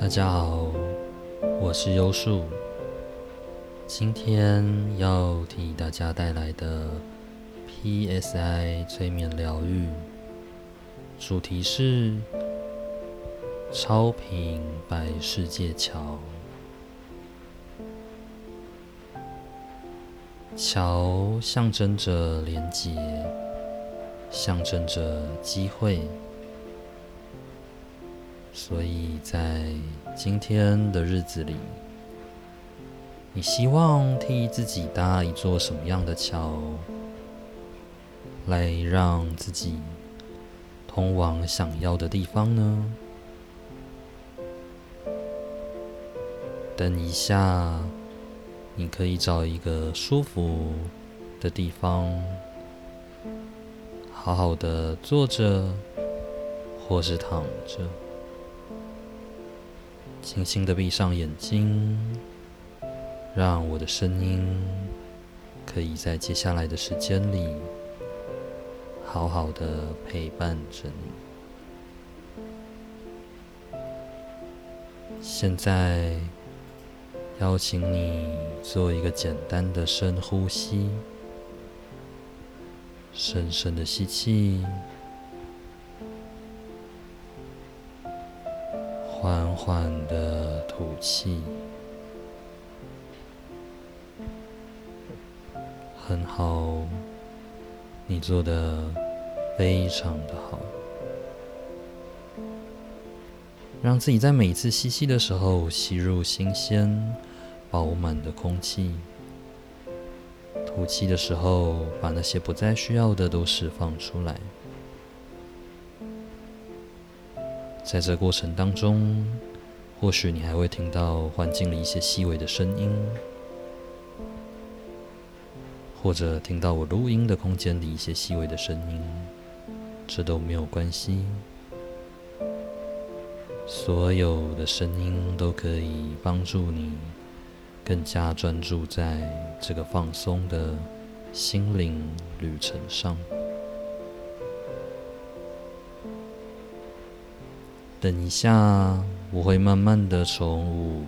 大家好，我是優樹。今天要替大家帶來的 PSI 催眠療癒主題是“超頻白世界橋”。橋象徵着連接，象徵着機會。所以在今天的日子裡，你希望替自己搭一座什麼樣的橋，來讓自己通往想要的地方呢？等一下，你可以找一個舒服的地方，好好的坐着，或是躺着。輕輕的閉上眼睛，讓我的聲音可以在接下來的時間裡，好好的陪伴着你。現在邀請你做一個簡單的深呼吸，深深的吸氣。緩緩的吐氣，很好，你做的非常的好。讓自己在每一次吸氣的時候吸入新鮮、飽滿的空氣，吐氣的時候把那些不再需要的都釋放出來。在這過程當中，或許你還會聽到環境裡一些細微的聲音，或者聽到我錄音的空間裡一些細微的聲音，這都沒有關係。所有的聲音都可以幫助你更加專注在這個放鬆的心靈旅程上。等一下，我會慢慢的從五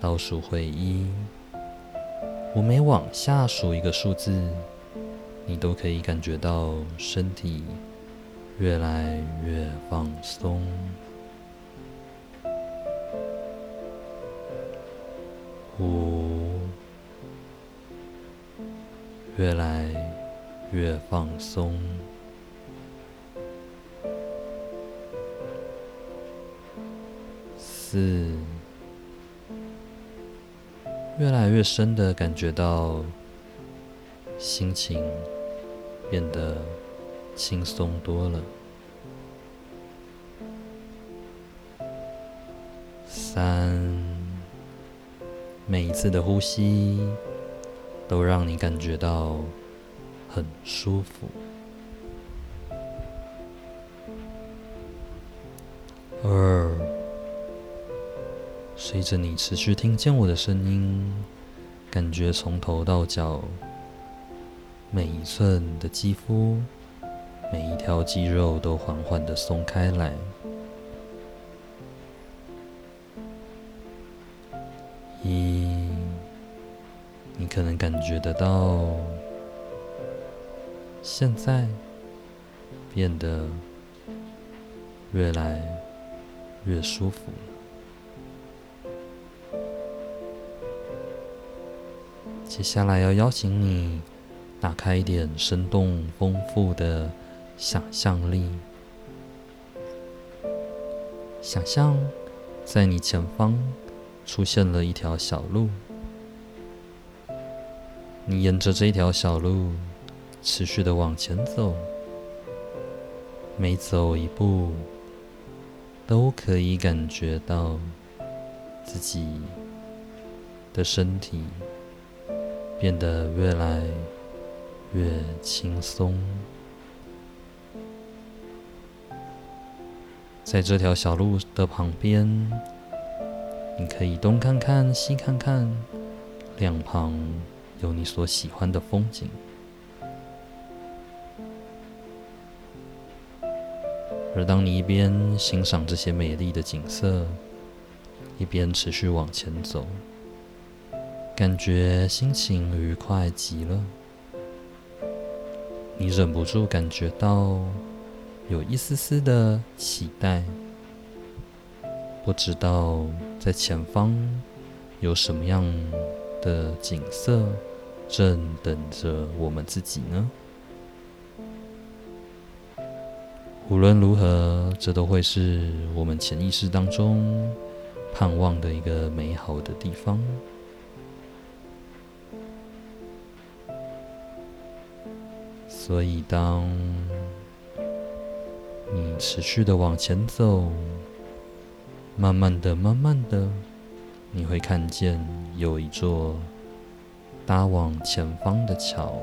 倒數回一，我每往下數一個數字，你都可以感覺到身體越來越放鬆。五越來越放鬆。四，越來越深的感覺到心情變得輕鬆多了。三，每一次的呼吸都讓你感覺到很舒服。二。隨着你持續聽見我的聲音，感覺從頭到腳，每一寸的肌膚，每一條肌肉都緩緩的鬆開來。一，你可能感覺得到，現在變得越來越舒服。接下來要邀請你打開一點生動豐富的想象力想象在你前方出現了一條小路，你沿着這一這條小路持續的往前走，每走一步都可以感覺到自己的身體，變得越來越輕鬆。在這條小路的旁邊，你可以東看看、西看看，兩旁有你所喜歡的風景。而當你一邊欣賞這些美麗的景色，一邊持續往前走。感覺心情愉快極了，你忍不住感覺到有一絲絲的期待，不知道在前方有什麼樣的景色正等着我們自己呢？無論如何，這都會是我們潛意識當中盼望的一個美好的地方。所以，當你持續的往前走，慢慢的、慢慢的，你會看見有一座搭往前方的橋。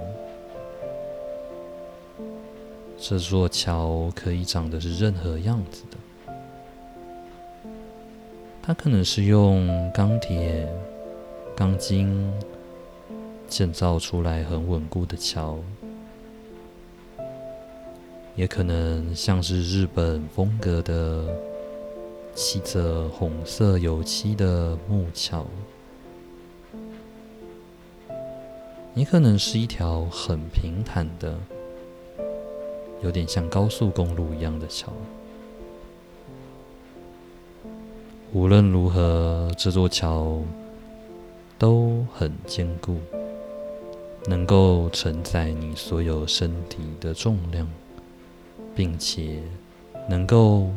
這座橋可以長得是任何樣子的，它可能是用鋼鐵、鋼筋建造出來很穩固的橋。也可能像是日本風格的漆着紅色油漆的木橋，也可能是一條很平坦的，有點像高速公路一樣的橋。無論如何，這座橋都很堅固，能夠承載你所有身體的重量。並且，能夠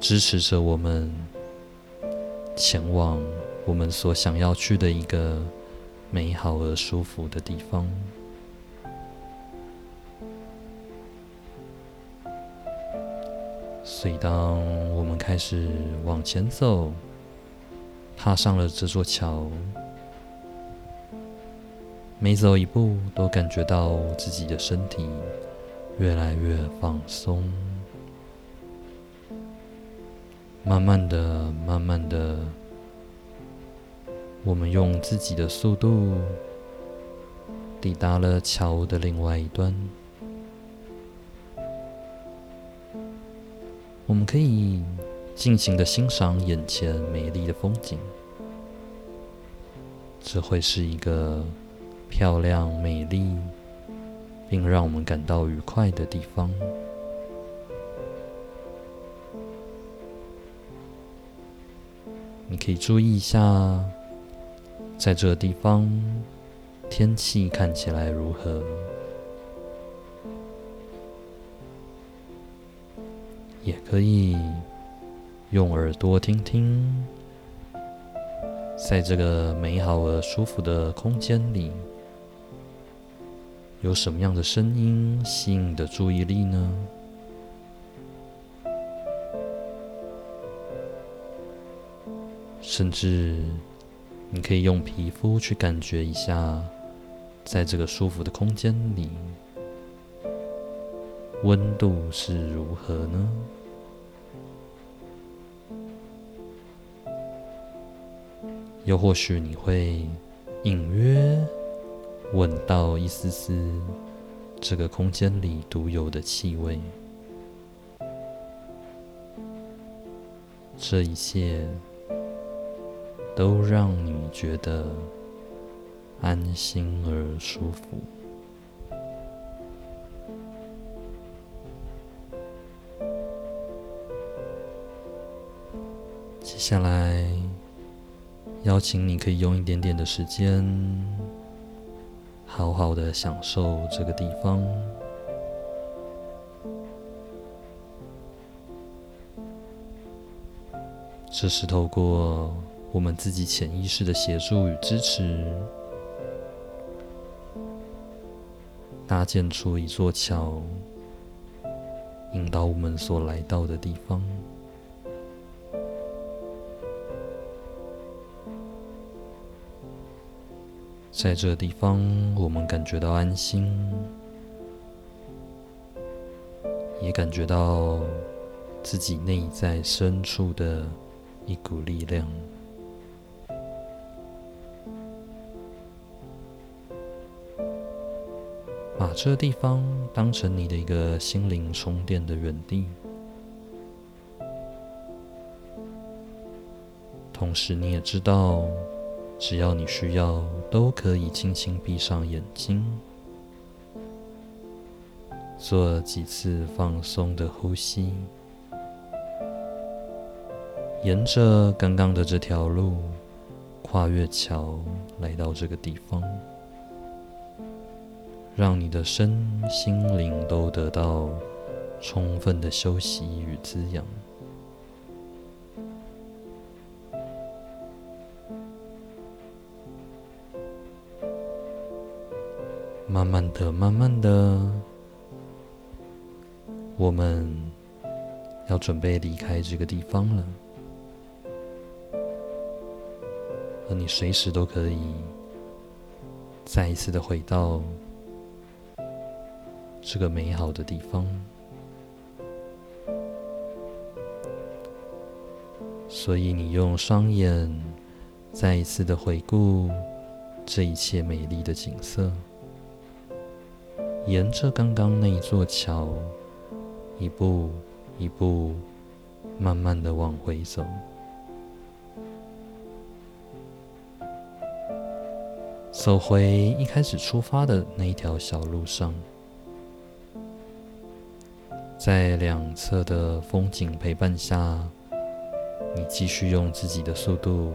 支持着我們前往我們所想要去的一個美好而舒服的地方。所以，當我們開始往前走，踏上了這座橋，每走一步都感覺到自己的身體。越來越放鬆，慢慢的，慢慢的，我們用自己的速度抵達了橋的另外一端。我們可以盡情的欣賞眼前美麗的風景，這會是一個漂亮、美麗。並讓我們感到愉快的地方，你可以注意一下，在這地方天氣看起來如何，也可以用耳朵聽聽，在這個美好而舒服的空間裡。有什麼樣的聲音吸引你的注意力呢？甚至你可以用皮膚去感覺一下，在這個舒服的空間裡，溫度是如何呢？又或許你會隱約，聞到一絲絲這個空間裡獨有的氣味，這一切都讓你覺得安心而舒服。接下來，邀請你可以用一點點的時間。好好的享受這個地方，這是透過我們自己潛意識的協助與支持，搭建出一座橋，引導我們所來到的地方。在這個地方，我們感覺到安心，也感覺到自己內在深處的一股力量。把這地方當成你的一個心靈充電的原地，同時你也知道。只要你需要，都可以輕輕閉上眼睛，做幾次放鬆的呼吸，沿着剛剛的這條路，跨越橋，來到這個地方，讓你的身心靈都得到充分的休息與滋養。慢慢的，慢慢的，我們要準備離開這個地方了。而你隨時都可以再一次的回到這個美好的地方。所以你用雙眼再一次的回顧這一切美麗的景色。沿着剛剛那一座橋，一步一步，慢慢的往回走，走回一開始出發的那一條小路上，在兩側的風景陪伴下，你繼續用自己的速度，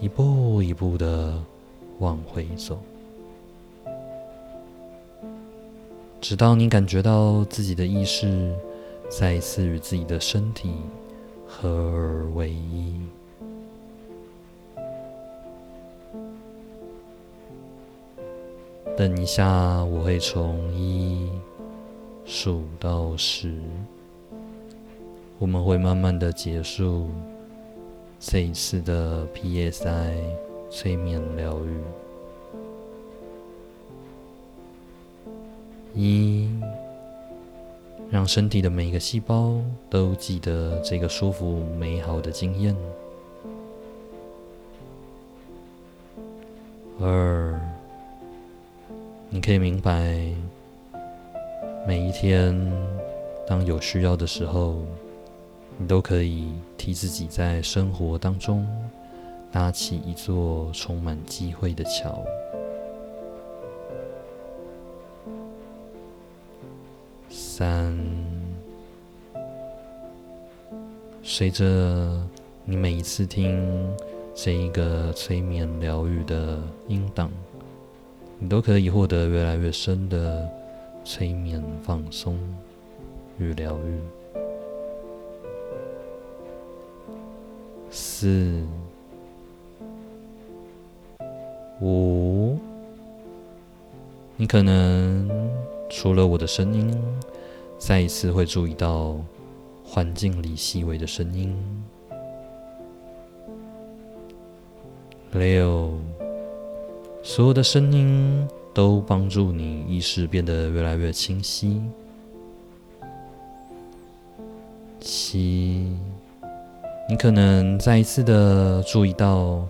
一步一步的往回走。直到你感覺到自己的意識再一次與自己的身體合二為一。等一下，我會從一數到十，我們會慢慢的結束這一次的 PSI 催眠療癒。一，讓身體的每一個細胞都記得這個舒服美好的經驗。二，你可以明白，每一天當有需要的時候，你都可以替自己在生活當中搭起一座充滿機會的橋。三，隨着你每一次聽這一個催眠療癒的音檔，你都可以獲得越來越深的催眠放鬆與療癒。四、五，你可能除了我的聲音。再一次會注意到環境裡細微的聲音。六，所有的聲音都幫助你意識變得越來越清晰。七，你可能再一次的注意到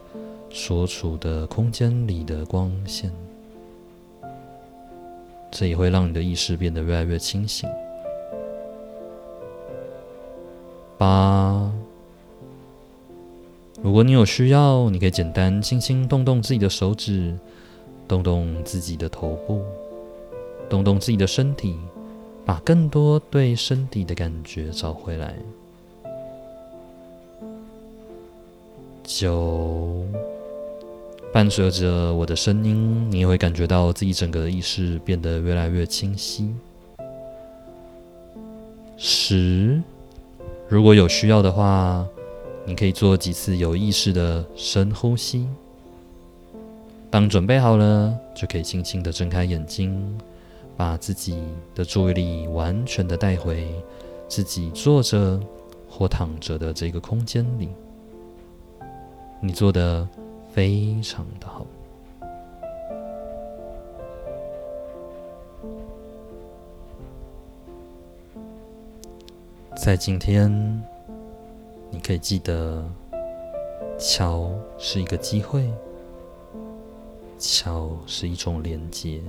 所處的空間裡的光線，這也會讓你的意識變得越來越清醒。八，如果你有需要，你可以簡單輕輕動動自己的手指，動動自己的頭部，動動自己的身體，把更多對身體的感覺找回來。九，伴隨着我的聲音，你也會感覺到自己整個的意識變得越來越清晰。十。如果有需要的話，你可以做幾次有意識的深呼吸。當準備好了，就可以輕輕地睜開眼睛，把自己的注意力完全的帶回自己坐着或躺着的這個空間裡。你做的非常的好。在今天，你可以記得，橋是一個機會，橋是一種連接，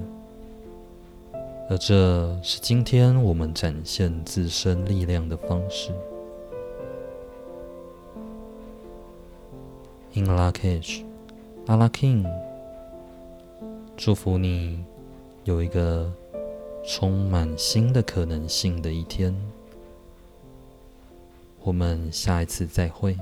而這是今天我們展現自身力量的方式。In Lak'ech Ala K'in，祝福你有一個充滿新的可能性的一天。我們下一次再會。